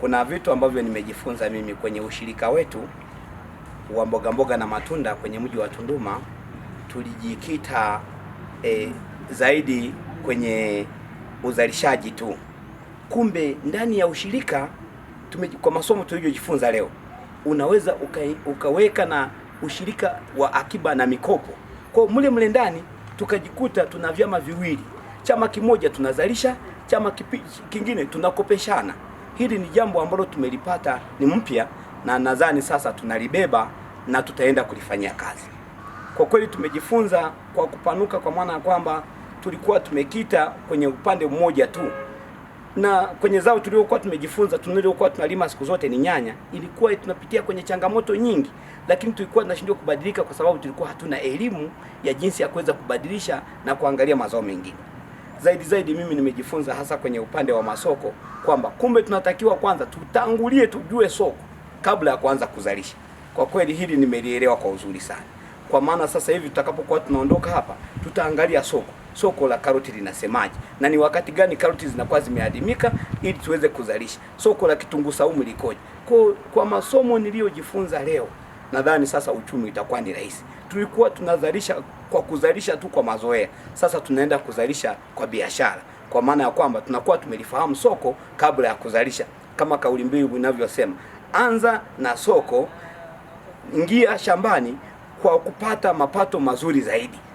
kuna vitu ambavyo nimejifunza mimi kwenye ushirika wetu wa mboga mboga na matunda kwenye mji wa Tunduma. Tulijikita e, zaidi kwenye uzalishaji tu, kumbe ndani ya ushirika tume, kwa masomo tuliyojifunza leo unaweza uka, ukaweka na ushirika wa akiba na mikopo. Kwa mle mle ndani tukajikuta tuna vyama viwili, chama kimoja tunazalisha, chama kipi, kingine tunakopeshana hili ni jambo ambalo tumelipata ni mpya, na nadhani sasa tunalibeba na tutaenda kulifanyia kazi. Kwa kweli tumejifunza kwa kupanuka, kwa maana ya kwamba tulikuwa tumekita kwenye upande mmoja tu, na kwenye zao tuliokuwa tumejifunza, tunaliokuwa tunalima siku zote ni nyanya, ilikuwa tunapitia kwenye changamoto nyingi, lakini tulikuwa tunashindwa kubadilika kwa sababu tulikuwa hatuna elimu ya jinsi ya kuweza kubadilisha na kuangalia mazao mengine zaidi zaidi, mimi nimejifunza hasa kwenye upande wa masoko kwamba kumbe tunatakiwa kwanza tutangulie, tujue soko kabla ya kuanza kuzalisha. Kwa kweli hili nimelielewa kwa uzuri sana, kwa maana sasa hivi tutakapokuwa tunaondoka hapa, tutaangalia soko soko la karoti linasemaje, na ni wakati gani karoti zinakuwa zimeadimika ili tuweze kuzalisha. Soko la kitunguu saumu likoje? Kwa, kwa masomo niliyojifunza leo nadhani sasa uchumi itakuwa ni rahisi. Tulikuwa tunazalisha kwa kuzalisha tu kwa mazoea, sasa tunaenda kuzalisha kwa biashara, kwa maana ya kwamba tunakuwa tumelifahamu soko kabla ya kuzalisha, kama kauli mbiu inavyosema, anza na soko, ingia shambani kwa kupata mapato mazuri zaidi.